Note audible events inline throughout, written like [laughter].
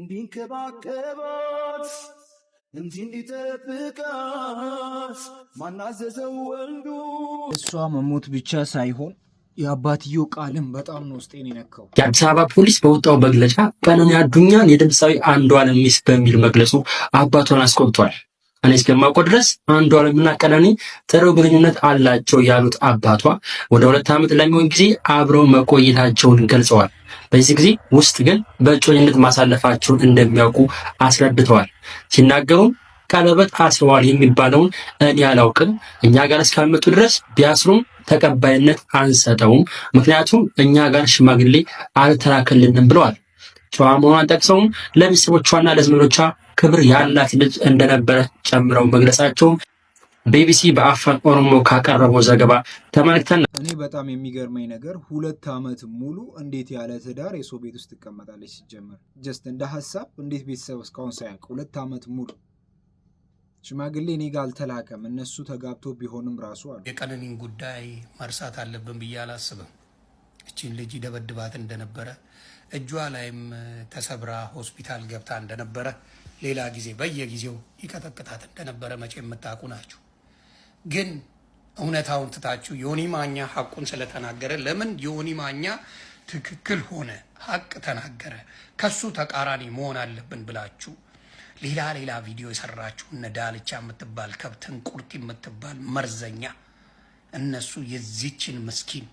እንዲንከባከባት እንጂ እንዲጠብቃት ማናዘዘው ወልዱ። እሷ መሞት ብቻ ሳይሆን የአባትየው ቃልም በጣም ነው ውስጤን የነካው። የአዲስ አበባ ፖሊስ በወጣው መግለጫ ቀነኒ አዱኛን የድምፃዊ አንዷለም ሚስት በሚል መግለጹ አባቷን አስቆጥቷል። እኔ እስከማውቀው ድረስ አንዱ አለምና ቀነኒ ጥሩ ግንኙነት አላቸው ያሉት አባቷ ወደ ሁለት ዓመት ለሚሆን ጊዜ አብረው መቆየታቸውን ገልጸዋል። በዚህ ጊዜ ውስጥ ግን በእጮኝነት ማሳለፋቸውን እንደሚያውቁ አስረድተዋል። ሲናገሩም ቀለበት አስረዋል የሚባለውን እኔ አላውቅም። እኛ ጋር እስካመጡ ድረስ ቢያስሩም ተቀባይነት አንሰጠውም፣ ምክንያቱም እኛ ጋር ሽማግሌ አልተላከልንም ብለዋል። ጨዋ መሆኗን ጠቅሰውም ለቤተሰቦቿና ለዘመዶቿ ክብር ያላት ልጅ እንደነበረ ጨምረው መግለጻቸውም ቢቢሲ በአፋን ኦሮሞ ካቀረበው ዘገባ ተመልክተን። እኔ በጣም የሚገርመኝ ነገር ሁለት ዓመት ሙሉ እንዴት ያለ ትዳር የሰው ቤት ውስጥ ትቀመጣለች? ሲጀመር ጀስት እንደ ሀሳብ እንዴት ቤተሰብ እስካሁን ሳያውቅ ሁለት ዓመት ሙሉ ሽማግሌ እኔ ጋር አልተላከም። እነሱ ተጋብቶ ቢሆንም ራሱ አሉ። የቀነኒን ጉዳይ መርሳት አለብን ብዬ አላስብም። እችን ልጅ ይደበድባት እንደነበረ እጇ ላይም ተሰብራ ሆስፒታል ገብታ እንደነበረ ሌላ ጊዜ በየጊዜው ይቀጠቅጣት እንደነበረ መቼ የምታውቁ ናችሁ። ግን እውነታውን ትታችሁ ዮኒ ማኛ ሐቁን ስለተናገረ ለምን ዮኒ ማኛ ትክክል ሆነ ሐቅ ተናገረ ከሱ ተቃራኒ መሆን አለብን ብላችሁ ሌላ ሌላ ቪዲዮ የሰራችሁ እነ ዳልቻ የምትባል ከብትን ቁርት የምትባል መርዘኛ እነሱ የዚችን ምስኪን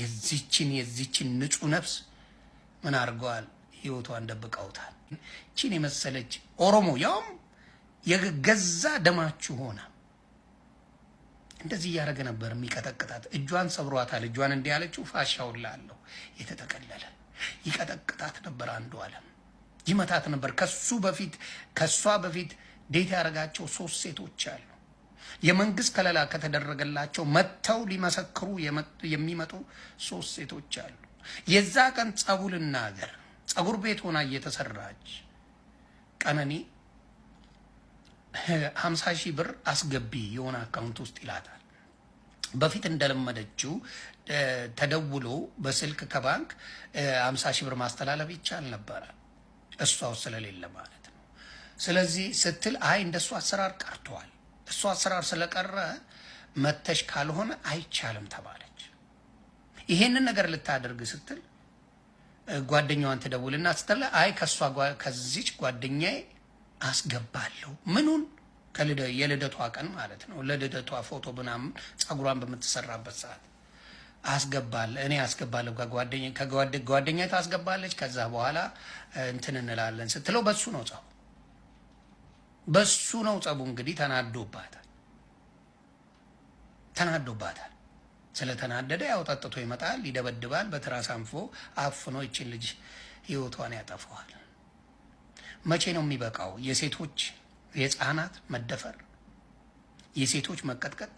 የዚችን የዚችን ንጹህ ነፍስ ምን አድርገዋል? ህይወቷን ደብቀውታል። ቺን የመሰለች ኦሮሞ ያውም የገዛ ደማችሁ ሆና እንደዚህ እያደረገ ነበር የሚቀጠቅጣት። እጇን ሰብሯታል። እጇን እንዲህ ያለችው የተጠቀለለ ይቀጠቅጣት ነበር። አንዱ አለም ይመታት ነበር። ከሱ በፊት ከሷ በፊት ዴት ያደረጋቸው ሶስት ሴቶች አሉ። የመንግስት ከለላ ከተደረገላቸው መጥተው ሊመሰክሩ የሚመጡ ሶስት ሴቶች አሉ። የዛ ቀን ጸቡልና ጸጉር ቤት ሆና እየተሰራች ቀነኒ ሀምሳ ሺህ ብር አስገቢ የሆነ አካውንት ውስጥ ይላታል። በፊት እንደለመደችው ተደውሎ በስልክ ከባንክ ሀምሳ ሺህ ብር ማስተላለፍ ይቻል ነበረ፣ ውስጥ ስለሌለ ማለት ነው። ስለዚህ ስትል አይ እሱ አሰራር ቀርቷል፣ እሱ አሰራር ስለቀረ መተሽ ካልሆነ አይቻልም ተባለች። ይሄንን ነገር ልታደርግ ስትል ጓደኛዋን ትደውልና ስትለ አይ ከእሷ ከዚች ጓደኛዬ አስገባለሁ ምኑን የልደቷ ቀን ማለት ነው። ለልደቷ ፎቶ ምናምን ጸጉሯን በምትሰራበት ሰዓት አስገባለ እኔ አስገባለሁ ከጓደኛ ታስገባለች። ከዛ በኋላ እንትን እንላለን ስትለው በሱ ነው ጸቡ፣ በሱ ነው ጸቡ። እንግዲህ ተናዶባታል ተናዶባታል። ስለተናደደ ያው ጠጥቶ ይመጣል፣ ይደበድባል፣ በትራስ አንፎ አፍኖ ይችን ልጅ ህይወቷን ያጠፈዋል። መቼ ነው የሚበቃው? የሴቶች የህፃናት መደፈር፣ የሴቶች መቀጥቀጥ።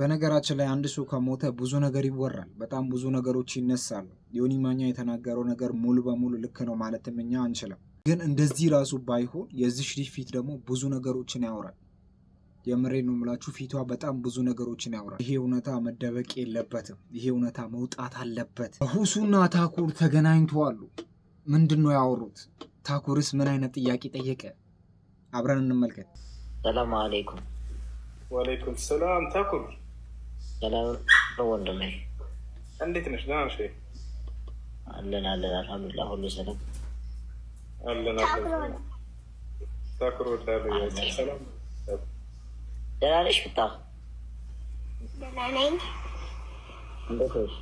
በነገራችን ላይ አንድ ሰው ከሞተ ብዙ ነገር ይወራል፣ በጣም ብዙ ነገሮች ይነሳሉ። ዮኒ ማኛ የተናገረው ነገር ሙሉ በሙሉ ልክ ነው ማለትም እኛ አንችልም። ግን እንደዚህ ራሱ ባይሆን የዚህ ሽሪፊት ደግሞ ብዙ ነገሮችን ያወራል። የምሬ ነው የምላችሁ ፊቷ በጣም ብዙ ነገሮችን ያወራል። ይሄ እውነታ መደበቅ የለበትም። ይሄ እውነታ መውጣት አለበት። ሁሱና ታኩር ተገናኝቶ አሉ። ምንድን ነው ያወሩት? ታኩርስ ምን አይነት ጥያቄ ጠየቀ? አብረን እንመልከት። ሰላም አሌይኩም። ዋሌይኩም ሰላም። ታኩር ሰላም ወንድሜ፣ እንዴት ነሽ? ደህና ነሽ? አለን አለን፣ አልሐምዱላ ሁሉ ሰላም አለን። ታኩር ወዳለ ሰላም ደህና ነሽ? ብታ ደህና ነኝ። እንዴት ነሽ?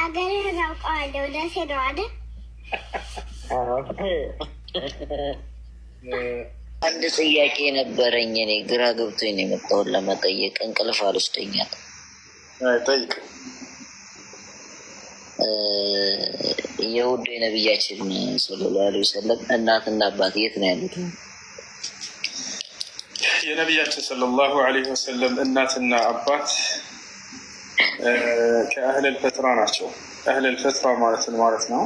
አውቀዋለሁ። ደሴ ነው አይደል? አንድ ጥያቄ ነበረኝ። እኔ ግራ ገብቶኝ ነው የመጣሁት ለመጠየቅ። እንቅልፍ አልወስደኛል። ጠይቅ። የውድ የነቢያችን ሰለላሁ ዐለይሂ ወሰለም እናትና አባት የት ነው ያሉት? የነቢያችን ሰለላሁ አለይሂ ወሰለም እናትና አባት ከአህለል ፈትራ ናቸው። አህለል ፈትራ ማለትን ማለት ነው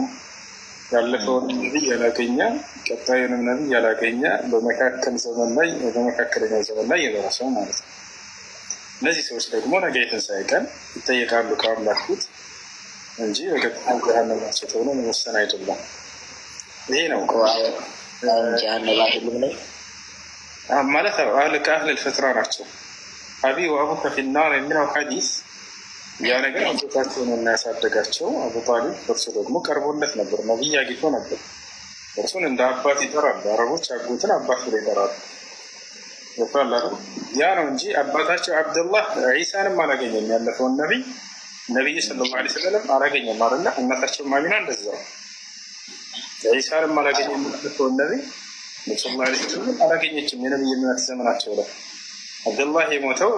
ያለፈውን ነቢይ ያላገኘ ቀጣዩንም ነቢይ ያላገኘ በመካከል ዘመን ላይ በመካከለኛው ዘመን ላይ የደረሰው ማለት ነው። እነዚህ ሰዎች ደግሞ ነገ የትንሣኤ ቀን ይጠየቃሉ ከአምላክ ፊት እንጂ በቀጥታ ጀሃነም ናቸው ተብሎ መወሰን አይደለም። ይሄ ነው ጀሃነም አይደለም ነው ማለት ከአህል ልፈትራ ናቸው። አቢ ወአቡከ ፊናር የሚለው ሀዲስ ያ ነገር አጎታቸውን እናያሳደጋቸው አቡ ጣሊብ እርሱ ደግሞ ቀርቦለት ነበር፣ ነቢይ አግኝቶ ነበር። እርሱን እንደ አባት ይጠራሉ። አረቦች አጎትን አባት ብሎ ይጠራሉ። ይባላሉ ያ ነው እንጂ አባታቸው አብደላህ ዒሳንም አላገኘም። ያለፈውን ነቢይ ነቢይ ሰለላሁ ዐለይሂ ወሰለም አላገኘም አለ። እናታቸው ማሚና እንደዛ ዒሳንም አላገኘም ያለፈውን ነቢይ አላገኘችም። የነብይነት ዘመናቸው ላይ አብደላህ የሞተው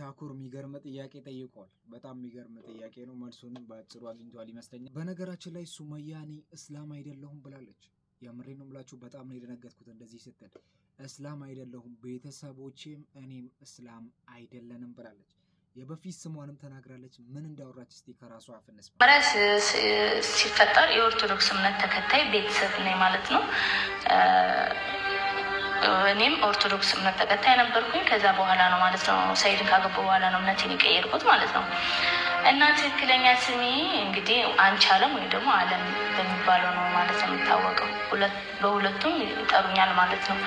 ታኩር የሚገርም ጥያቄ ጠይቋል። በጣም የሚገርም ጥያቄ ነው። መልሱንም በአጭሩ አግኝቷል ይመስለኛል። በነገራችን ላይ ሱመያ እኔ እስላም አይደለሁም ብላለች። የምሬ ነው የምላችሁ። በጣም ነው የደነገጥኩት እንደዚህ ስትል። እስላም አይደለሁም ቤተሰቦቼም እኔም እስላም አይደለንም ብላለች። የበፊት ስሟንም ተናግራለች። ምን እንዳወራች እስቲ ከራሷ አፍንስ ሲፈጠር የኦርቶዶክስ እምነት ተከታይ ቤተሰብ ነኝ ማለት ነው። እኔም ኦርቶዶክስ እምነት ተከታይ ነበርኩኝ። ከዛ በኋላ ነው ማለት ነው ሰይድን ካገቡ በኋላ ነው እምነትን የቀየርኩት ማለት ነው። እና ትክክለኛ ስሜ እንግዲህ አንቺ አለም ወይም ደግሞ አለም በሚባለው ነው ማለት ነው የሚታወቀው። በሁለቱም ይጠሩኛል ማለት ነው።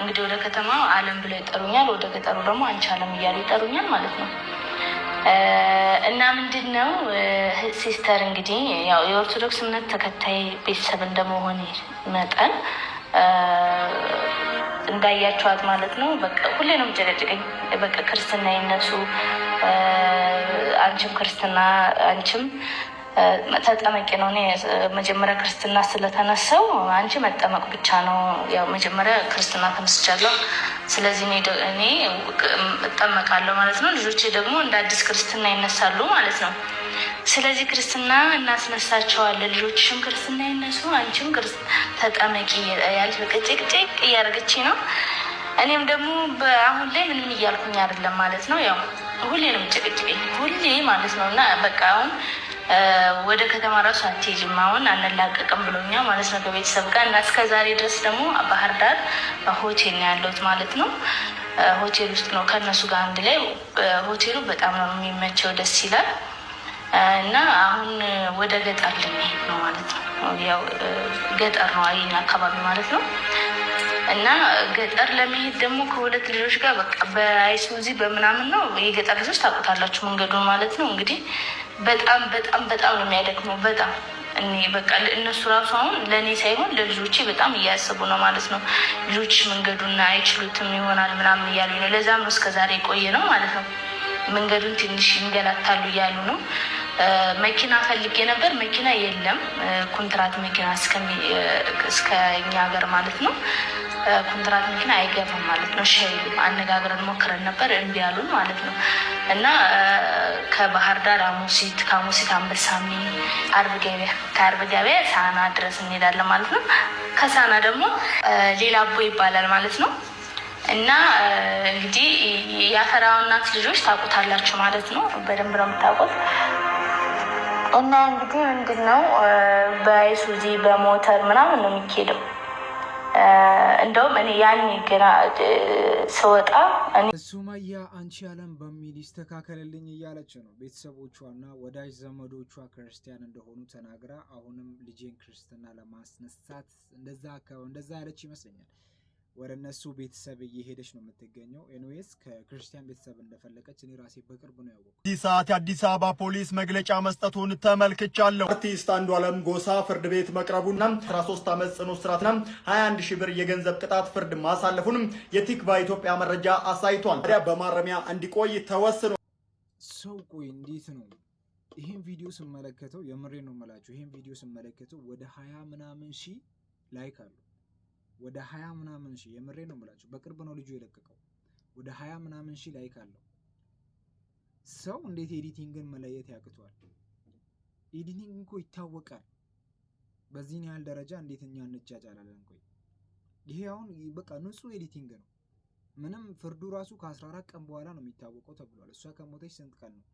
እንግዲህ ወደ ከተማ አለም ብለው ይጠሩኛል፣ ወደ ገጠሩ ደግሞ አንቺ አለም እያሉ ይጠሩኛል ማለት ነው። እና ምንድን ነው ሲስተር እንግዲህ ያው የኦርቶዶክስ እምነት ተከታይ ቤተሰብ እንደመሆን መጠን እንዳያቸዋት ማለት ነው። በቃ ሁሌ ነው ጨቀጭቀኝ። በቃ ክርስትና ይነሱ አንቺም ክርስትና አንቺም ተጠመቂ ነው። እኔ መጀመሪያ ክርስትና ስለተነሳው አንቺ መጠመቅ ብቻ ነው። ያው መጀመሪያ ክርስትና ተነስቻለሁ። ስለዚህ እኔ እጠመቃለሁ ማለት ነው። ልጆቼ ደግሞ እንደ አዲስ ክርስትና ይነሳሉ ማለት ነው። ስለዚህ ክርስትና እናስነሳቸዋለን። ልጆችሽም ክርስትና ይነሱ፣ አንቺም ተጠመቂ ያለች በቃ እያደረገች ነው። እኔም ደግሞ በአሁን ላይ ምንም እያልኩኝ አይደለም ማለት ነው። ያው ሁሌ ነው ጭቅጭቅ ሁሌ ማለት ነው እና በቃ አሁን ወደ ከተማ ራሱ አትሄጂም አሁን አንላቀቅም ብሎኛ ማለት ነው ከቤተሰብ ጋር እና እስከ ዛሬ ድረስ ደግሞ ባህር ዳር ሆቴል ነው ያለሁት ማለት ነው። ሆቴል ውስጥ ነው ከእነሱ ጋር አንድ ላይ። ሆቴሉ በጣም ነው የሚመቸው፣ ደስ ይላል። እና አሁን ወደ ገጠር ልንሄድ ነው ማለት ነው። ያው ገጠር ነው አየኝ አካባቢ ማለት ነው። እና ገጠር ለመሄድ ደግሞ ከሁለት ልጆች ጋር በቃ በአይሱዚ በምናምን ነው። የገጠር ልጆች ታውቁታላችሁ መንገዱን ማለት ነው። እንግዲህ በጣም በጣም በጣም ነው የሚያደክመው። በጣም እኔ በቃ እነሱ ራሱ አሁን ለእኔ ሳይሆን ለልጆቼ በጣም እያሰቡ ነው ማለት ነው። ልጆች መንገዱና አይችሉትም ይሆናል ምናምን እያሉ ነው። ለዛም ነው እስከዛሬ የቆየ ነው ማለት ነው። መንገዱን ትንሽ ይንገላታሉ እያሉ ነው። መኪና ፈልጌ ነበር፣ መኪና የለም። ኮንትራት መኪና እስከ እኛ ሀገር ማለት ነው ኮንትራት መኪና አይገባም ማለት ነው። ሸዩ አነጋግረን ሞክረን ነበር እምቢ ያሉን ማለት ነው። እና ከባህር ዳር አሙሲት፣ ከአሙሲት አንበሳሚ፣ አርብ ገበያ፣ ከአርብ ገበያ ሳና ድረስ እንሄዳለን ማለት ነው። ከሳና ደግሞ ሌላ አቦ ይባላል ማለት ነው። እና እንግዲህ የአፈራው እናት ልጆች ታውቁታላችሁ ማለት ነው። በደንብ ነው የምታውቁት። እና እንግዲህ ምንድን ነው በአይሱዚ በሞተር ምናምን ነው የሚኬደው እንደውም እኔ ያኔ ገና ስወጣ ሱመያ አንቺ አለም በሚል ይስተካከልልኝ እያለች ነው። ቤተሰቦቿና ወዳጅ ዘመዶቿ ክርስቲያን እንደሆኑ ተናግራ አሁንም ልጄን ክርስትና ለማስነሳት እንደዛ ያለች ይመስለኛል። ወደ እነሱ ቤተሰብ እየሄደች ነው የምትገኘው። ኤንዌስ ከክርስቲያን ቤተሰብ እንደፈለቀች እኔ ራሴ በቅርቡ ነው ያወቁ። ይህ ሰዓት የአዲስ አበባ ፖሊስ መግለጫ መስጠቱን ተመልክቻለሁ። አርቲስት አንዱዓለም ጎሳ ፍርድ ቤት መቅረቡና 13 ዓመት ጽኑ እስራትና 21 ሺህ ብር የገንዘብ ቅጣት ፍርድ ማሳለፉንም የቲክባ ኢትዮጵያ መረጃ አሳይቷል። ታዲያ በማረሚያ እንዲቆይ ተወስኖ ሰው ቆይ እንዴት ነው ይህን ቪዲዮ ስመለከተው፣ የምሬ ነው የምላችሁ፣ ይህን ቪዲዮ ስመለከተው ወደ ሀያ ምናምን ሺህ ላይክ አለው። ወደ ሀያ ምናምን ሺህ የምሬ ነው የምላችሁ። በቅርብ ነው ልጁ የለቀቀው። ወደ ሀያ ምናምን ሺህ ላይክ አለው። ሰው እንዴት ኤዲቲንግን መለየት ያቅቷል? ኤዲቲንግ እኮ ይታወቃል። በዚህን ያህል ደረጃ እንዴት እኛ እንቻቻላለን? ቆይ ይሄ አሁን በቃ ንጹህ ኤዲቲንግ ነው። ምንም ፍርዱ ራሱ ከ14 ቀን በኋላ ነው የሚታወቀው ተብሏል። እሷ ከሞተች ስንት ቀን ነው?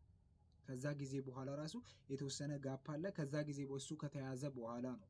ከዛ ጊዜ በኋላ ራሱ የተወሰነ ጋፕ አለ። ከዛ ጊዜ በሱ ከተያዘ በኋላ ነው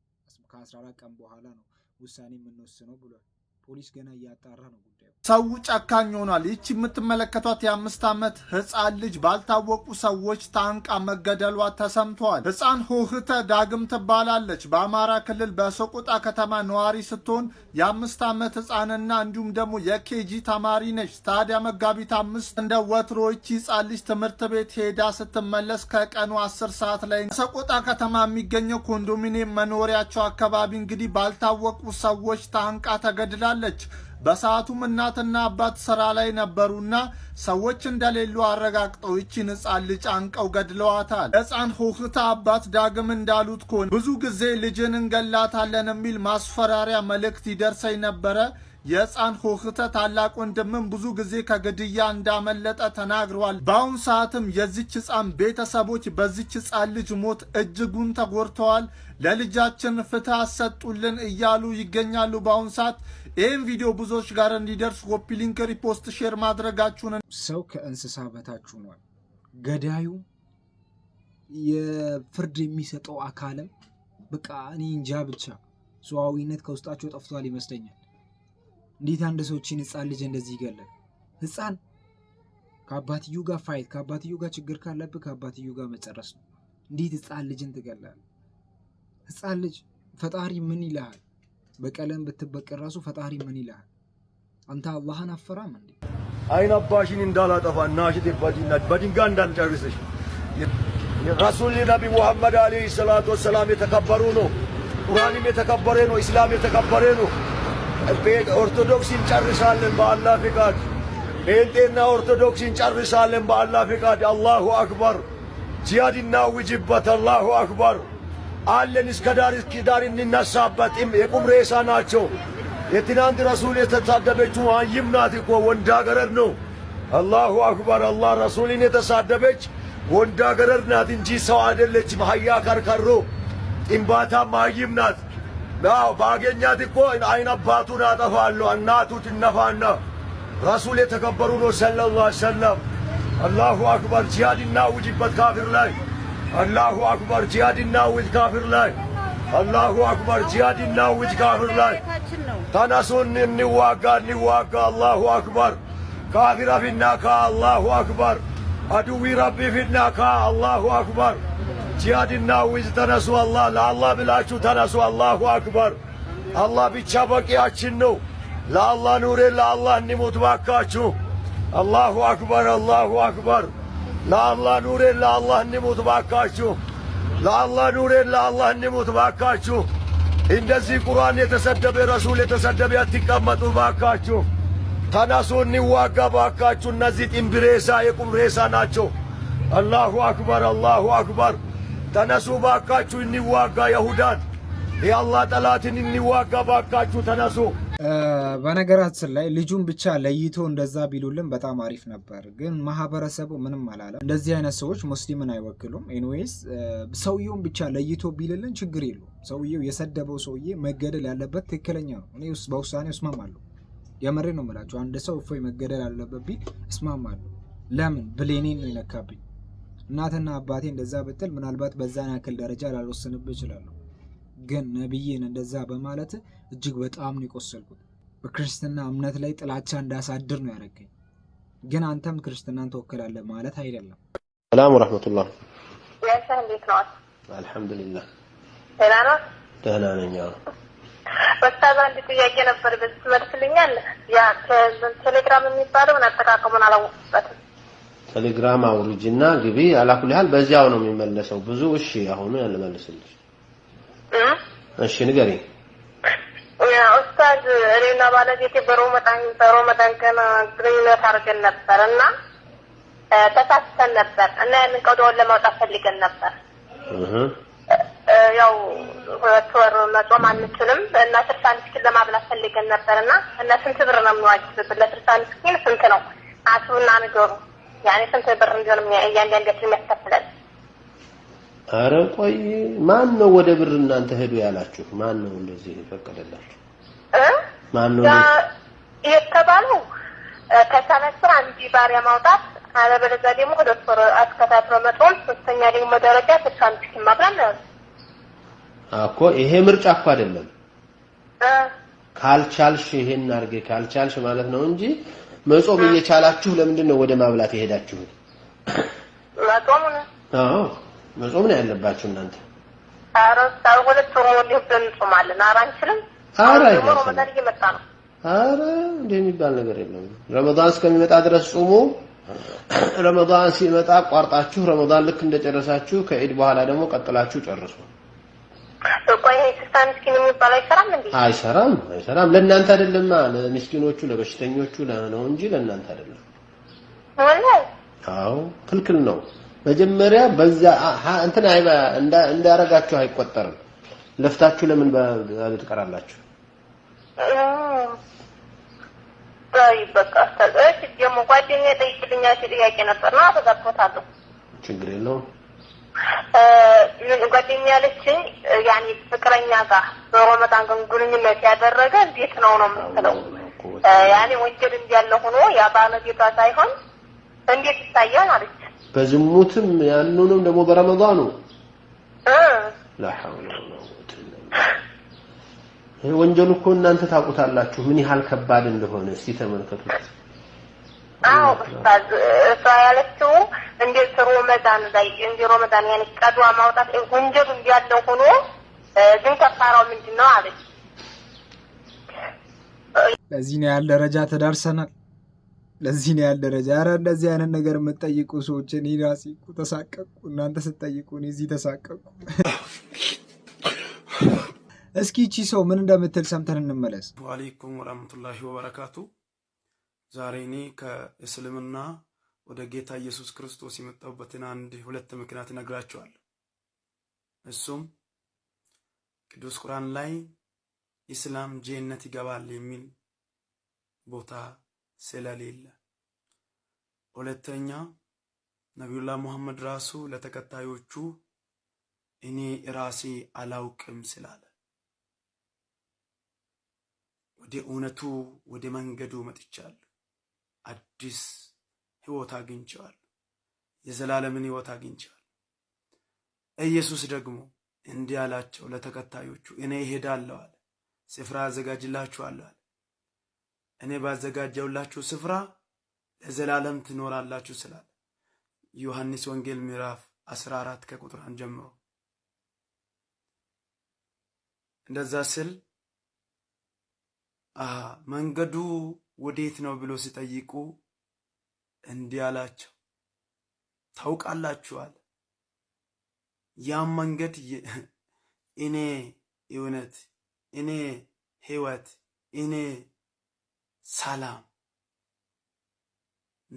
ከ14 ቀን በኋላ ነው ውሳኔ የምንወስነው ብሏል። ፖሊስ ገና እያጣራ ነው ሰው ጨካኝ ሆኗል። ይቺ የምትመለከቷት የአምስት ዓመት ህፃን ልጅ ባልታወቁ ሰዎች ታንቃ መገደሏ ተሰምተዋል። ህፃን ሆህተ ዳግም ትባላለች። በአማራ ክልል በሰቆጣ ከተማ ነዋሪ ስትሆን የአምስት ዓመት ህፃንና እንዲሁም ደግሞ የኬጂ ተማሪ ነች። ታዲያ መጋቢት አምስት እንደ ወትሮ ይቺ ህፃን ልጅ ትምህርት ቤት ሄዳ ስትመለስ ከቀኑ አስር ሰዓት ላይ ሰቆጣ ከተማ የሚገኘው ኮንዶሚኒየም መኖሪያቸው አካባቢ እንግዲህ ባልታወቁ ሰዎች ታንቃ ተገድላለች። በሰዓቱም እናትና አባት ሥራ ላይ ነበሩና ሰዎች እንደሌሉ አረጋግጠው ይችን ሕፃን ልጅ አንቀው ገድለዋታል። ሕፃን ሆህታ አባት ዳግም እንዳሉት ከሆነ ብዙ ጊዜ ልጅን እንገላታለን የሚል ማስፈራሪያ መልእክት ይደርሰኝ ነበረ። የሕፃን ሆህተ ታላቅ ወንድምም ብዙ ጊዜ ከግድያ እንዳመለጠ ተናግረዋል። በአሁን ሰዓትም የዚች ሕፃን ቤተሰቦች በዚች ሕፃን ልጅ ሞት እጅጉን ተጎድተዋል። ለልጃችን ፍትህ አሰጡልን እያሉ ይገኛሉ። በአሁን ሰዓት ይህም ቪዲዮ ብዙዎች ጋር እንዲደርስ ኮፒ ሊንክ፣ ሪፖስት፣ ሼር ማድረጋችሁን። ሰው ከእንስሳ በታች ሆኗል። ገዳዩ የፍርድ የሚሰጠው አካልም በቃ እኔ እንጃ ብቻ ሰዋዊነት ከውስጣቸው ጠፍቷል ይመስለኛል። እንዴት አንድ ሰዎችን ህፃን ልጅ እንደዚህ ይገላል? ህፃን ከአባትዩ ጋር ፋይት ከአባትዩ ጋር ችግር ካለብህ ከአባትዩ ጋር መጨረስ ነው። እንዴት ህፃን ልጅን ትገላል? ህፃን ልጅ ፈጣሪ ምን ይልሃል? በቀለም ብትበቀል ራሱ ፈጣሪ ምን ይልሃል? አንተ አላህን አፈራም እንዴ? አይን አባሽን እንዳላጠፋ ናሽት የባጂና በድንጋይ እንዳልጨርስሽ ረሱል ነቢ ሙሐመድ አለይሂ ሰላቱ ወሰላም የተከበሩ ነው። ቁርአንም የተከበረ ነው። ኢስላም የተከበረ ነው። ኦርቶዶክስ እንጨርሳለን በአላህ ፍቃድ። ጴንጤና ኦርቶዶክስ እንጨርሳለን በአላህ ፍቃድ። አላሁ አክበር። ጂሃድ እናውጅበት። አላሁ አክበር አለን እስከ ዳር እስከ ዳር እንነሳበት። የቁም ሬሳ ናቸው። የትናንት ረሱል የተሳደበችው አንይም ናት እኮ ወንዳገረድ ነው። አላሁ አክበር። አላህ ረሱልን የተሳደበች ገረድ ናት እንጂ ሰው አይደለችም። ሀያ ከርከሮ ጥንባታ ማይም ናት። ናው ባገኛት እኮ አይን አባቱን አጠፋለሁ። እናቱ ትነፋና ረሱል የተከበሩ ነው ሰለላሁ ዐለይሂ ወሰለም። አላሁ አክበር። ጂሃድ እናውጅበት ካፊር ላይ Allahu Akbar cihadinna vel kafirler. Allahu Akbar cihadinna vel kafirler. Tanasun ni vaka Allahu Akbar. Kafira finnaka Allahu Akbar. Aduvi Rabbi finnaka Allahu Akbar. Cihadinna vel tanasu Allah la Allah bilachu tanasu Allahu Akbar. Allah bir çabaki açınnu. La Allah nure la Allah nimut vakkachu. Allahu Akbar Allahu Akbar. ለአላህ ኑሬን ለአላህ እንሙት ባካችሁ፣ ለአላህ ኑሬን ለአላህ እንሙት ባካችሁ። እንደዚህ ቁርአን የተሰደበ ረሱል የተሰደበ አትቀመጡ ባካችሁ። ተነሱ እንዋጋ ባካችሁ። እነዚህ ጥምብሬሳ የቁምሬሳ ናቸው። አላሁ አክበር፣ አላሁ አክበር። ተነሱ ባካችሁ እንዋጋ። ይሁዳን የአላህ ጠላትን እንዋጋ ባካችሁ። ተነሱ በነገራችን ላይ ልጁን ብቻ ለይቶ እንደዛ ቢሉልን በጣም አሪፍ ነበር፣ ግን ማህበረሰቡ ምንም አላለም። እንደዚህ አይነት ሰዎች ሙስሊምን አይወክሉም። ኤኒዌይስ ሰውየውን ብቻ ለይቶ ቢልልን ችግር የለውም። ሰውየው የሰደበው ሰውዬ መገደል ያለበት ትክክለኛ ነው። እኔ በውሳኔ እስማማለሁ። የምሬ ነው የምላቸው። አንድ ሰው እፎይ መገደል አለበት ቢል እስማማለሁ። ለምን ብሌኔን ነው የነካብኝ። እናትና አባቴ እንደዛ ብትል ምናልባት በዛን ያክል ደረጃ ላልወስንብ እችላለሁ ግን ነቢይን እንደዛ በማለት እጅግ በጣም ነው የቆሰልኩት። በክርስትና እምነት ላይ ጥላቻ እንዳሳድር ነው ያደረገኝ። ግን አንተም ክርስትናን ትወክላለህ ማለት አይደለም። ሰላም ረመቱላ እንዴት ነው? አልሐምዱሊላህ ደህና ነው። ደህና ነኝ። ኡስታዝ አንድ ጥያቄ ነበር፣ በዚህ ትመልስልኛለህ? ያ ቴሌግራም የሚባለውን አጠቃቀሙን አላወቅበትም። ቴሌግራም አውርጅና ግቢ። አላኩልሃል። በዚያው ነው የሚመለሰው ብዙ። እሺ አሁኑ ያልመልስልሽ እሺ ንገሪኝ። ኡስታዝ እኔና ባለቤቴ በሮመዳን በሮመዳን ቀን ግንኙነት አድርገን ነበር እና ተሳስተን ነበር እና ያንን ቀዶውን ለማውጣት ፈልገን ነበር። ያው ሁለት ወር መጾም አንችልም እና ስልሳ ምስኪን ለማብላት ፈልገን ነበር እና እና ስንት ብር ነው የሚዋጅብብን? ለስልሳ ምስኪን ስንት ነው? አስቡና ንገሩ። ያኔ ስንት ብር እንዲሆን እያንዳንዳችን የሚያስከፍለን አረ ቆይ ማን ነው ወደ ብር እናንተ ሄዱ ያላችሁ? ማን ነው እንደዚህ የፈቀደላችሁ? ማን ነው የተባሉ ከተነስር አንድ ባሪያ ማውጣት፣ አለበለዚያ ደግሞ ዶክተር አስከታትሎ መጦን፣ ሶስተኛ ደግሞ ደረጃ ተሻንቲ ማብራን እኮ ይሄ ምርጫ እኮ አይደለም። ካልቻልሽ ይሄን አድርጌ ካልቻልሽ ማለት ነው እንጂ መጾም እየቻላችሁ ለምንድን ነው ወደ ማብላት የሄዳችሁት? መጾም አዎ መጾም ነው ያለባችሁ እናንተ። ኧረ ሁለት ጾም ወልህ እንጾማለን። ኧረ የሚባል ነገር የለም። ረመዳን እስከሚመጣ ድረስ ጾሙ። ረመዳን ሲመጣ አቋርጣችሁ፣ ረመዳን ልክ እንደጨረሳችሁ ከኢድ በኋላ ደግሞ ቀጥላችሁ ጨርሱ። የሚባል አይሰራም አይሰራም፣ ለእናንተ አይደለም ለሚስኪኖቹ ለበሽተኞቹ ነው እንጂ ለእናንተ አይደለም። አዎ፣ ክልክል ነው። መጀመሪያ በዛ እንትን እንዳረጋችሁ አይቆጠርም። ለፍታችሁ ለምን ትቀራላችሁ? በቃ ጥያቄ ችግር የለውም። ጓደኛ ያለችኝ ያኔ ፍቅረኛ ጋር በረመዳን ግን ግንኙነት ያደረገ እንዴት ነው ነው የምትለው። ያኔ ወንጀል ሆኖ ያ ባለቤቷ ሳይሆን እንዴት ይታያል አለች። በዝሙትም ያንኑንም ደግሞ በረመዳኑ ይሄ ወንጀሉ እኮ እናንተ ታውቁታላችሁ ምን ያህል ከባድ እንደሆነ እስቲ ተመልከቱት። አዎ ኡስታዝ እሷ ያለችው እንደ ሮመዳን ላይ እንደ ሮመዳን ያኔ ቀዷ ማውጣት ወንጀሉ ያለው ሆኖ ግን ከፋራው ምንድን ነው አለች። በዚህ ያህል ደረጃ ተዳርሰናል። ለዚህ ያህል ደረጃ። ኧረ እንደዚህ አይነት ነገር የምትጠይቁ ሰዎች እኔ ራሴ እናንተ ስትጠይቁ እኔ እዚህ እስኪ ቺ ሰው ምን እንደምትል ሰምተን እንመለስ። ዋሌይኩም ወራህመቱላሂ ወበረካቱ። ዛሬ እኔ ከእስልምና ወደ ጌታ ኢየሱስ ክርስቶስ የመጣሁበትን አንድ ሁለት ምክንያት እነግራቸዋለሁ። እሱም ቅዱስ ቁርአን ላይ ኢስላም ጄነት ይገባል የሚል ቦታ ስለሌለ። ሁለተኛ ነቢዩላህ ሙሐመድ ራሱ ለተከታዮቹ እኔ ራሴ አላውቅም ስላለ ወደ እውነቱ ወደ መንገዱ መጥቻለሁ፣ አዲስ ህይወት አግኝቸዋል። የዘላለምን ህይወት አግኝቸዋል ኢየሱስ ደግሞ እንዲህ አላቸው ለተከታዮቹ እኔ እሄዳለሁ አለ፣ ስፍራ አዘጋጅላችኋለሁ አለ። እኔ ባዘጋጀውላችሁ ስፍራ ለዘላለም ትኖራላችሁ ስላለ ዮሐንስ ወንጌል ምዕራፍ 14 ከቁጥር 1 ጀምሮ እንደዛ ስል አ መንገዱ ወዴት ነው ብሎ ሲጠይቁ እንዲህ አላቸው፣ ታውቃላችኋል። ያም መንገድ እኔ እውነት፣ እኔ ሕይወት፣ እኔ ሰላም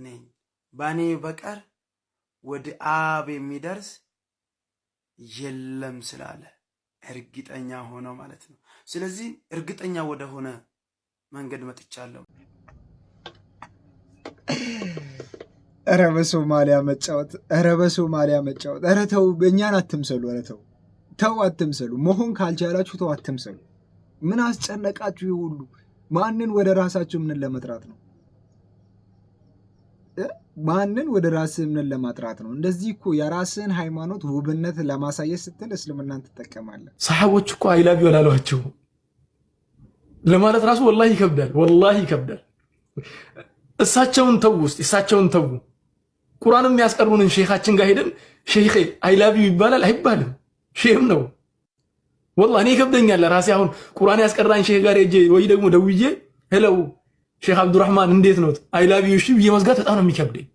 ነኝ። በእኔ በቀር ወደ አብ የሚደርስ የለም ስላለ እርግጠኛ ሆኖ ማለት ነው። ስለዚህ እርግጠኛ ወደሆነ መንገድ መጥቻለሁ። ኧረ [clears throat] በሶማሊያ መጫወት፣ ኧረ በሶማሊያ መጫወት፣ ኧረ ተው፣ እኛን አትምሰሉ። ኧረ ተው ተው፣ አትምሰሉ። መሆን ካልቻላችሁ ተው፣ አትምሰሉ። ምን አስጨነቃችሁ ይሁሉ ማንን ወደ ራሳቸው ምን ለመጥራት ነው? ማንን ወደ ራስህ እምነት ለማጥራት ነው? እንደዚህ እኮ የራስህን ሃይማኖት ውብነት ለማሳየት ስትል እስልምናን ትጠቀማለህ። ሰሓቦች እኮ አይላቢ ላሏቸው ለማለት ራሱ ወላሂ ይከብዳል፣ ወላሂ ይከብዳል። እሳቸውን ተው ውስጥ እሳቸውን ተው። ቁርአንም የሚያስቀርቡንን ሼኻችን ጋር ሄደን ሼኼ አይላቢው ይባላል አይባልም? ሼህም ነው ወላ እኔ ይከብደኛል ራሴ አሁን ቁርአን ያስቀራኝ ሼህ ጋር ሄጄ ወይ ደግሞ ደውዬ ሄለው ሼህ አብዱራህማን እንዴት ነው አይ ላቭ ዩ እሺ ብዬ መዝጋት በጣም ነው የሚከብደኝ።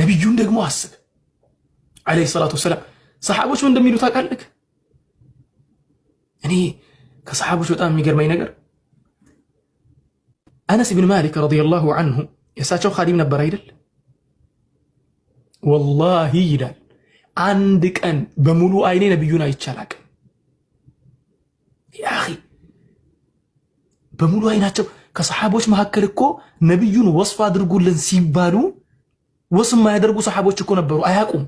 ነቢዩን ደግሞ አስብ አለይሂ ሰላቱ ወሰላም ሰሐቦች ምን እንደሚሉ ታውቃለህ? እኔ ከሰሐቦች በጣም የሚገርመኝ ነገር አነስ ብን ማሊክ ረዲየላሁ አንሁ የእሳቸው ኻዲም ነበር አይደል? ወላሂ ይላል አንድ ቀን በሙሉ አይኔ ነብዩን አይቻላቅ ያ በሙሉ አይናቸው ከሰሓቦች መካከል እኮ ነቢዩን ወስፍ አድርጉልን ሲባሉ ወስ የማያደርጉ ሰሓቦች እኮ ነበሩ። አያቁም።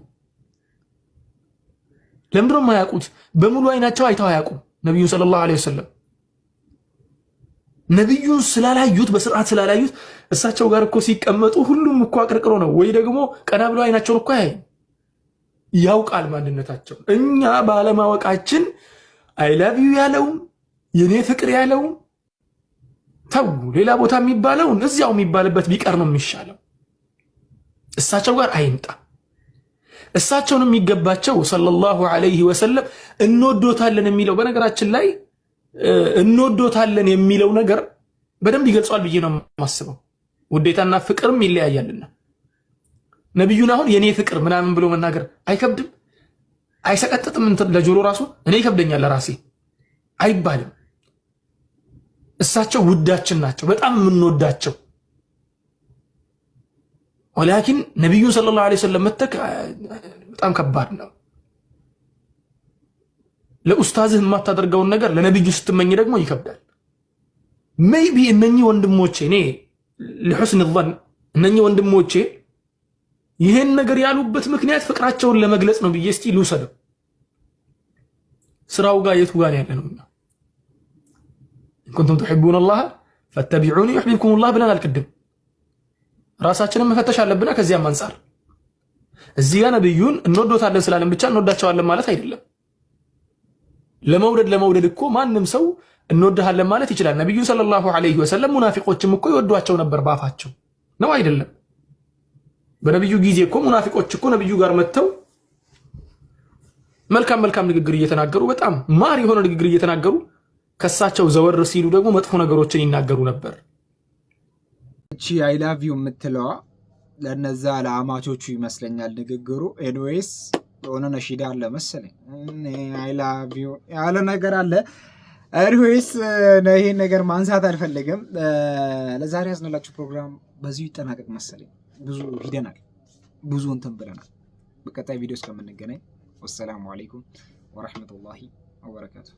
ለምንድን ነው በሙሉ አይናቸው አይተው አያውቁም ነቢዩን ሰለላሁ ዐለይሂ ወሰለም። ነቢዩን ስላላዩት በስርዓት ስላላዩት እሳቸው ጋር እኮ ሲቀመጡ ሁሉም እኮ አቅርቅሮ ነው ወይ ደግሞ ቀና ብሎ አይናቸውን እኮ አያይም። ያውቃል ማንነታቸው። እኛ ባለማወቃችን አይላቪዩ ያለውም የኔ ፍቅር ያለውም ተው፣ ሌላ ቦታ የሚባለውን እዚያው የሚባልበት ቢቀር ነው የሚሻለው። እሳቸው ጋር አይምጣ። እሳቸውን የሚገባቸው ሰለላሁ ዐለይሂ ወሰለም እንወዶታለን የሚለው በነገራችን ላይ እንወዶታለን የሚለው ነገር በደንብ ይገልጸዋል ብዬ ነው የማስበው። ውዴታና ፍቅርም ይለያያልና ነቢዩን አሁን የእኔ ፍቅር ምናምን ብሎ መናገር አይከብድም? አይሰቀጥጥም? ለጆሮ ራሱ እኔ ይከብደኛል ለራሴ አይባልም። እሳቸው ውዳችን ናቸው፣ በጣም የምንወዳቸው ወላኪን ነቢዩን ሰለላሁ ዐለይሂ ወሰለም መተክ በጣም ከባድ ነው። ለኡስታዝህ የማታደርገውን ነገር ለነቢዩ ስትመኝ ደግሞ ይከብዳል። ሜይቢ እነኚህ ወንድሞቼ እኔ ልሑስን ظን እነኚህ ወንድሞቼ ይህን ነገር ያሉበት ምክንያት ፍቅራቸውን ለመግለጽ ነው ብዬ እስቲ ልውሰደው። ስራው ጋር የቱ ጋር ያለ ነው? እንኩንቱም ትሕቡን ላህ ፈተቢዑኒ ዩሕቢብኩም ላህ ብለን አልቅድም። ራሳችንን መፈተሽ አለብና ከዚያም አንጻር እዚህ ጋር ነብዩን እንወዶታለን ስላለን ብቻ እንወዳቸዋለን ማለት አይደለም። ለመውደድ ለመውደድ እኮ ማንም ሰው እንወድሃለን ማለት ይችላል። ነቢዩን ሰለላሁ ዐለይሂ ወሰለም ሙናፊቆችም እኮ ይወዷቸው ነበር፣ ባፋቸው ነው አይደለም በነቢዩ ጊዜ እኮ ሙናፊቆች እኮ ነቢዩ ጋር መጥተው መልካም መልካም ንግግር እየተናገሩ በጣም ማር የሆነ ንግግር እየተናገሩ ከሳቸው ዘወር ሲሉ ደግሞ መጥፎ ነገሮችን ይናገሩ ነበር። እቺ አይላቪው የምትለዋ ለነዛ ለአማቾቹ ይመስለኛል ንግግሩ። ኤድዌይስ የሆነ ነሺዳ አለ መሰለኝ ዩ ያለ ነገር አለ። ኤድዌይስ ይህን ነገር ማንሳት አልፈለግም። ለዛሬ ያዝነላችሁ ፕሮግራም በዚሁ ይጠናቀቅ መሰለኝ። ብዙ ሂደናል፣ ብዙ እንትን ብለናል። በቀጣይ ቪዲዮ እስከምንገናኝ ወሰላሙ አለይኩም ወረህመቱላሂ ወበረካቱ።